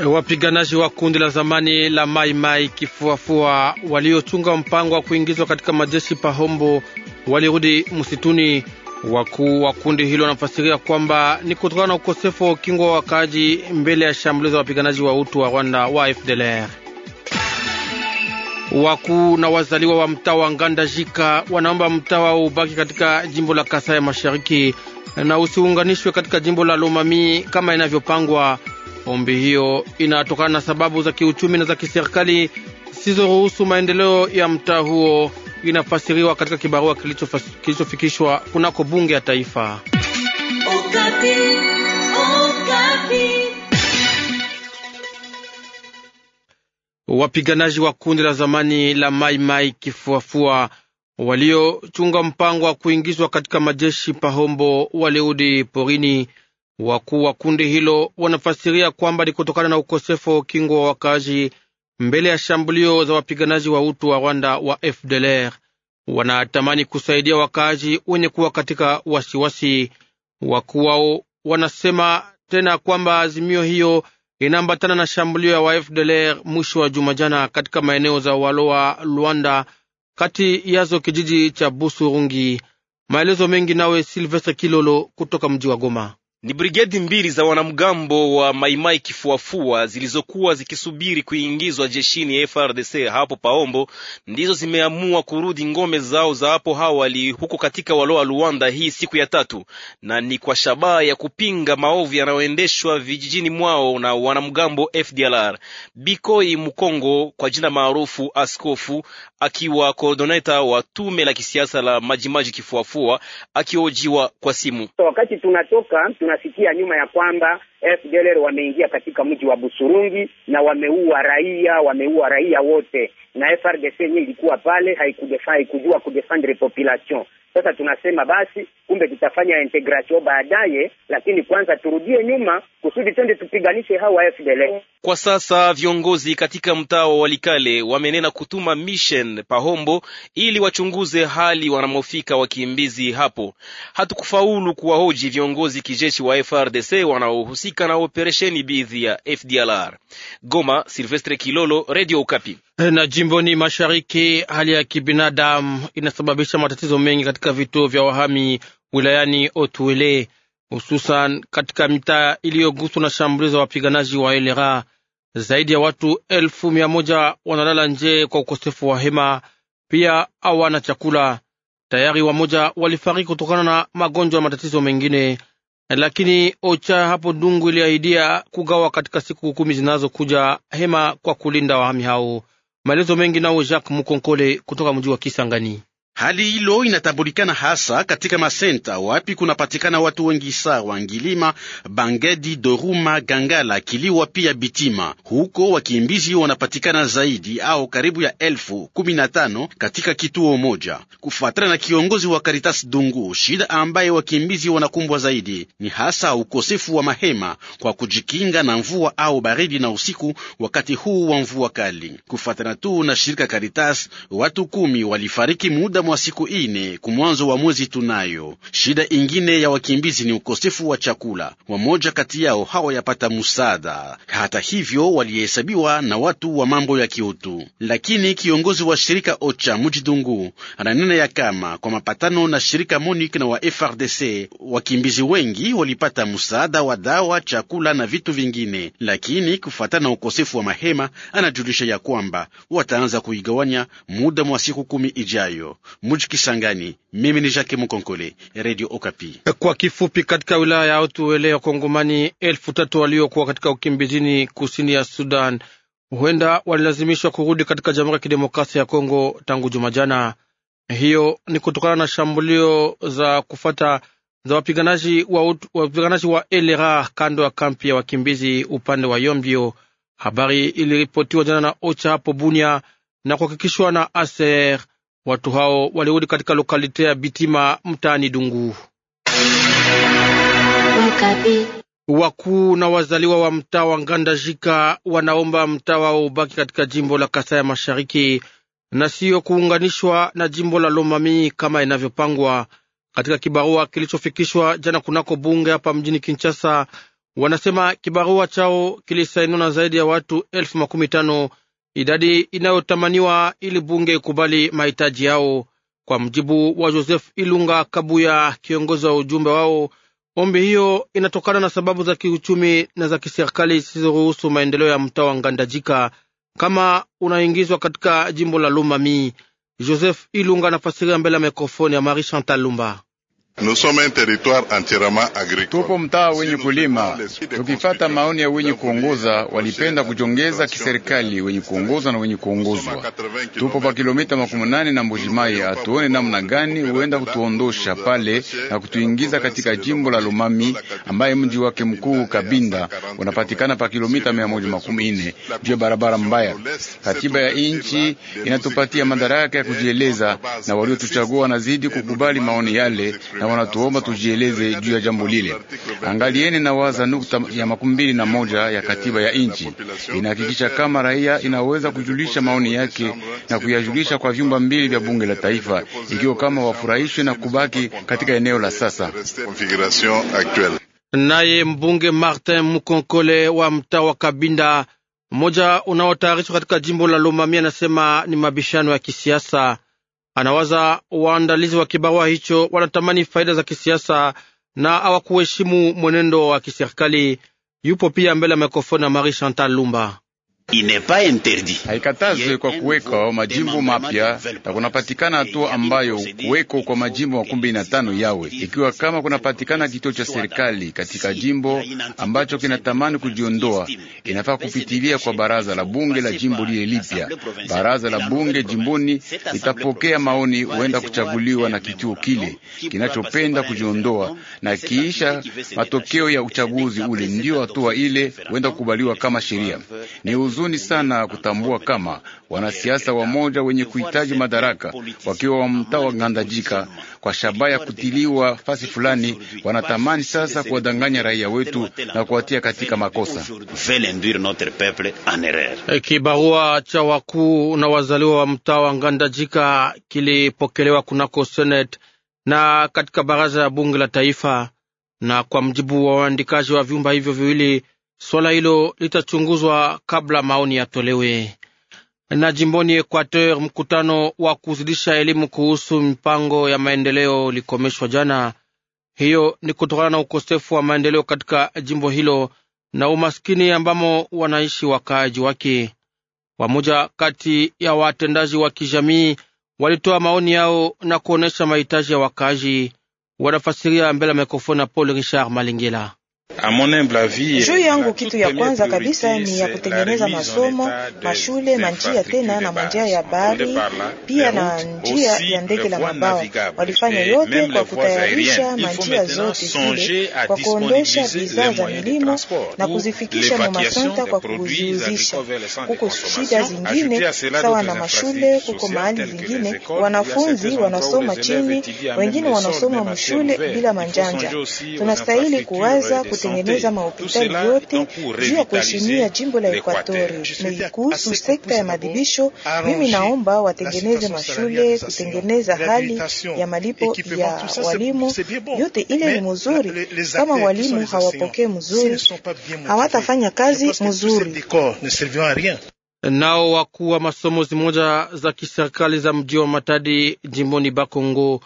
E, wapiganaji wa kundi la zamani la Mai Mai kifuafua waliochunga mpango wa kuingizwa katika majeshi Pahombo walirudi msituni. Wakuu wa kundi hilo wanafasiria kwamba ni kutokana na ukosefu wa ukingo wa wakaaji mbele ya shambulizi za wapiganaji wa utu wa Rwanda wa FDLR. Wakuu na wazaliwa wa mtaa wa Nganda Jika wanaomba mtaa wao ubaki katika jimbo la Kasai ya Mashariki na usiunganishwe katika jimbo la Lomami kama inavyopangwa. Ombi hiyo inatokana na sababu za kiuchumi na za kiserikali zisizoruhusu maendeleo ya mtaa huo, inafasiriwa katika kibarua kilichofikishwa kunako bunge ya taifa Ukati. wapiganaji wa kundi la zamani la Maimai kifuafua waliochunga mpango wa kuingizwa katika majeshi Pahombo waliudi porini. Wakuu wa kundi hilo wanafasiria kwamba ni kutokana na ukosefu wa ukingo wa wakaaji mbele ya shambulio za wapiganaji wa utu wa Rwanda wa FDLR. Wanatamani kusaidia wakaaji wenye kuwa katika wasiwasi. Wakuu wao wanasema tena kwamba azimio hiyo inaambatana na shambulio ya waFDLR mwisho wa juma jana katika maeneo za Waloa Luanda, kati yazo kijiji cha Busurungi. Maelezo mengi nawe Silvestre Kilolo kutoka mji wa Goma. Ni brigedi mbili za wanamgambo wa Maimai kifuafua zilizokuwa zikisubiri kuingizwa jeshini FRDC hapo Paombo ndizo zimeamua kurudi ngome zao za hapo hawali huko katika Waloa Luanda hii siku ya tatu, na ni kwa shabaha ya kupinga maovu yanayoendeshwa vijijini mwao na wanamgambo FDLR. Bikoi Mkongo kwa jina maarufu Askofu, akiwa koordoneta wa tume la kisiasa la Majimaji kifuafua, akiojiwa kwa simu. So, wakati tunatoka tuna tunasikia nyuma ya kwamba FDLR wameingia katika mji wa Busurungi na wameua raia, wameua raia wote, na FRDC yenyewe ilikuwa pale haikujua kudefendre population sasa tunasema basi, kumbe tutafanya integration baadaye, lakini kwanza turudie nyuma kusudi tende tupiganishe wa FDL. Kwa sasa viongozi katika mtaa wa Walikale wamenena kutuma mission Pahombo ili wachunguze hali wanamofika wakimbizi hapo. Hatukufaulu kuwahoji viongozi kijeshi wa FRDC wanaohusika na operesheni bidhi ya FDLR. Goma, Silvestre Kilolo, Radio Ukapi. Na jimboni mashariki, hali ya kibinadamu inasababisha matatizo mengi katika vituo vya wahami wilayani Otuele, hususan katika mitaa iliyoguswa na shambulio za wapiganaji wa elera. Zaidi ya watu elfu mia moja wanalala nje kwa ukosefu wa hema, pia hawana chakula. Tayari wamoja walifariki kutokana na magonjwa ya matatizo mengine, lakini OCHA hapo Dungu iliahidia kugawa katika siku kumi zinazokuja hema kwa kulinda wahami hao. Maelezo mengi nao Jacques Mukonkole kutoka mji wa Kisangani. Hali hilo inatambulikana hasa katika masenta wapi kunapatikana watu wengi sawa Ngilima, Bangedi, Doruma, Gangala, Kiliwa pia Bitima. Huko wakimbizi wanapatikana zaidi au karibu ya elfu kumi na tano katika kituo moja. Kufuatana na kiongozi wa karitas Dungu, shida ambaye wakimbizi wanakumbwa zaidi ni hasa ukosefu wa mahema kwa kujikinga na mvua au baridi na usiku wakati huu wa mvua kali. Kufuatana tu na shirika Karitas, watu kumi walifariki muda wa siku ine kumwanzo wa mwezi tunayo. Shida ingine ya wakimbizi ni ukosefu wa chakula. Wamoja kati yao hawayapata musaada, hata hivyo walihesabiwa na watu wa mambo ya kiutu. Lakini kiongozi wa shirika OCHA mujidungu ananena ya kama kwa mapatano na shirika MONUC na wa FRDC wakimbizi wengi walipata musaada wa dawa, chakula na vitu vingine, lakini kufuatana na ukosefu wa mahema, anajulisha ya kwamba wataanza kuigawanya muda mwa siku kumi ijayo. Mujikisangani. Mimi ni Jacques Mukonkole, Radio Okapi. Kwa kifupi, katika wilaya ya Utu Wele ya Kongomani, elfu tatu waliokuwa katika ukimbizini kusini ya Sudan huenda walilazimishwa kurudi katika Jamhuri ya Kidemokrasia ya Kongo tangu juma jana. Hiyo ni kutokana na shambulio za kufata za wapiganaji wa, wapiganaji wa LRA kando ya kampi ya wakimbizi upande wa Yombio. Habari iliripotiwa jana na Ocha hapo Bunia na kuhakikishwa na aser Watu hao walirudi katika lokalite ya Bitima mtaani Dungu. Wakuu na wazaliwa wa mtaa wa Ngandajika wanaomba mtaa wao ubaki katika jimbo la Kasai ya Mashariki na siyo kuunganishwa na jimbo la Lomami kama inavyopangwa katika kibarua kilichofikishwa jana kunako bunge hapa mjini Kinshasa. Wanasema kibarua chao kilisainiwa na zaidi ya watu elfu makumi tano idadi inayotamaniwa ili bunge ikubali mahitaji yao. Kwa mjibu wa Joseph Ilunga Kabuya, kiongozi wa ujumbe wao, ombi hiyo inatokana na sababu za kiuchumi na za kiserikali zisizoruhusu maendeleo ya mtaa wa Ngandajika kama unaingizwa katika jimbo la Lumami. Joseph Ilunga anafasiria mbele ya mikrofoni ya Marie Chantal Lumba. Tupo mtaa wenye kulima, tukifata maoni ya wenye kuongoza, walipenda kujongeza kiserikali wenye kuongoza na wenye kuongozwa. Tupo pa kilomita makumi nane na Mbujimai, atuone namna gani huenda kutuondosha pale na kutuingiza katika jimbo la Lomami ambaye mji wake mkuu Kabinda unapatikana pa kilomita mia moja makumi nne juu ya barabara mbaya. Katiba ya nchi inatupatia madaraka ya kujieleza na waliotuchagua wanazidi kukubali maoni yale na wanatuomba tujieleze juu ya jambo lile. Angalieni na waza nukta ya makumi mbili na moja ya katiba ya nchi inahakikisha kama raia inaweza kujulisha maoni yake na kuyajulisha kwa vyumba mbili vya bunge la taifa, ikiwa kama wafurahishwe na kubaki katika eneo la sasa. Naye mbunge Martin Mukonkole wa mtaa wa Kabinda, mmoja unaotayarishwa katika jimbo la Lomami, anasema ni mabishano ya kisiasa Anawaza waandalizi wa kibarua hicho wanatamani faida za kisiasa na hawakuheshimu mwenendo wa kiserikali. Yupo pia mbele ya mikrofoni ya Marie Chantal Lumba haikatazwe kwa kuweka majimbo mapya na kunapatikana hatua ambayo kuweko kwa majimbo makumi na tano yawe, ikiwa kama kunapatikana kituo cha serikali katika jimbo ambacho kinatamani kujiondoa, inafaa kupitilia kwa baraza la bunge la jimbo lile lipya. Baraza la bunge jimboni litapokea maoni, huenda kuchaguliwa na kituo kile kinachopenda kujiondoa, na kiisha matokeo ya uchaguzi ule, ndio hatua ile huenda kukubaliwa kama sheria. Ni huzuni sana kutambua kama wanasiasa wamoja wenye kuhitaji madaraka wakiwa wa ngandajika kwa shabaha ya kutiliwa fasi fulani, wanatamani sasa kuwadanganya raia wetu na kuwatia katika makosa. Eh, kibarua cha wakuu na wazaliwa wa mtaa wa ngandajika kilipokelewa kunako Senate na katika baraza ya bunge la taifa, na kwa mjibu wa waandikaji wa vyumba hivyo viwili Swala hilo litachunguzwa kabla maoni yatolewe. Na jimboni Equateur, mkutano wa kuzidisha elimu kuhusu mipango ya maendeleo ulikomeshwa jana. Hiyo ni kutokana na ukosefu wa maendeleo katika jimbo hilo na umaskini ambamo wanaishi wakaaji wake. Wamoja kati ya watendaji wa kijamii walitoa maoni yao na kuonesha mahitaji ya wakaaji. Wanafasiria mbele ya mikrofoni ya Paul Richard Malingela. Juu yangu kitu ya kwanza kabisa ni ya kutengeneza masomo mashule manjia tena na manjia ya bahari pia na njia ya ndege la mabawa. Walifanya yote kwa kutayarisha manjia zote zile kwa kuondosha bidhaa za milimo na kuzifikisha mumasanta kwa kuziuzisha. Kuko shida zingine sawa na mashule, kuko mahali zingine wanafunzi wanasoma chini, wengine wanasoma mshule bila manjanja. Tunastahili kuwaza kutengeneza mahopitali yote juu ya kuheshimia jimbo la Ekwatori. Na kuhusu sekta ya madibisho, mimi naomba watengeneze mashule, kutengeneza hali ya malipo ya walimu. Yote ile ni mzuri, kama walimu hawapokee mzuri, hawatafanya kazi mzuri. Nao wakuu wa masomo zimoja za kiserikali za mji wa Matadi jimboni Bakongo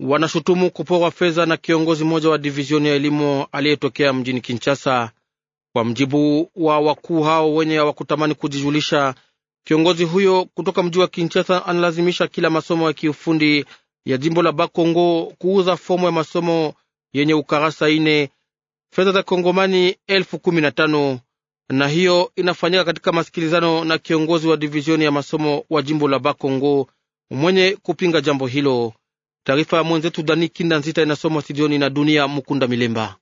wanashutumu kuporwa fedha na kiongozi mmoja wa divizioni ya elimu aliyetokea mjini Kinshasa. Kwa mjibu wa wakuu hao wenye hawakutamani kujijulisha, kiongozi huyo kutoka mji wa Kinshasa analazimisha kila masomo ya kiufundi ya jimbo la Bakongo kuuza fomu ya masomo yenye ukarasa ine fedha za kongomani elfu kumi na tano na hiyo inafanyika katika masikilizano na kiongozi wa divizioni ya masomo wa jimbo la Bakongo mwenye kupinga jambo hilo. Taarifa ya mwenzetu Dani Kinda Nzita inasomwa studioni na Dunia Mukunda Milemba.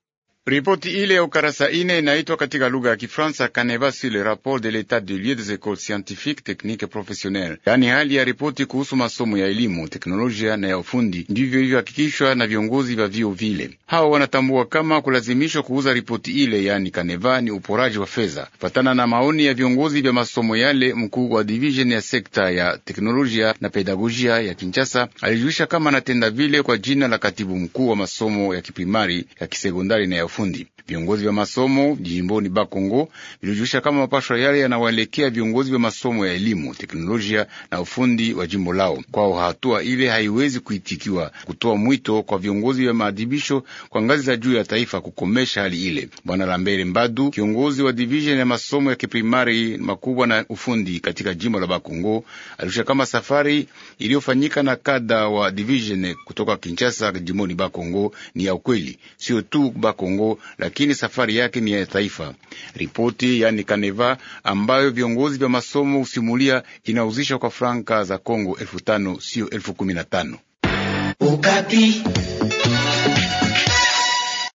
Ripoti ile ya ukarasa ine inaitwa katika lugha ya Kifaransa caneva sur le rapport de l'état des lieux des écoles scientifiques techniques et professionnelles, yaani hali ya ripoti kuhusu masomo ya elimu, teknolojia na ya ufundi, ndivyo ilivyohakikishwa na viongozi vya vio vile. hao wanatambua kama kulazimishwa kuuza ripoti ile, yaani Kaneva, ni uporaji wa fedha. fatana na maoni ya viongozi vya masomo yale, mkuu wa divisheni ya sekta ya teknolojia na pedagojia ya Kinshasa alijulisha kama anatenda vile kwa jina la katibu mkuu wa masomo ya kiprimari ya kisekondari na ya ufundi ufundi. Viongozi vya masomo jimboni Bakongo vilijulisha kama mapasho yale yanawaelekea viongozi vya masomo ya elimu, teknolojia na ufundi wa jimbo lao. Kwao hatua ile haiwezi kuitikiwa, kutoa mwito kwa viongozi vya maadhibisho kwa ngazi za juu ya taifa kukomesha hali ile. Bwana Lambere Mbadu, kiongozi wa divisheni ya masomo ya kiprimari makubwa na ufundi katika jimbo la Bakongo, alijulisha kama safari iliyofanyika na kada wa divisheni kutoka Kinshasa jimboni Bakongo ni ya ukweli, sio tu Bakongo lakini safari yake ni ya taifa. Ripoti yani Kaneva ambayo viongozi vya masomo husimulia inauzishwa kwa franka za Kongo elfu tano sio elfu kumi na tano.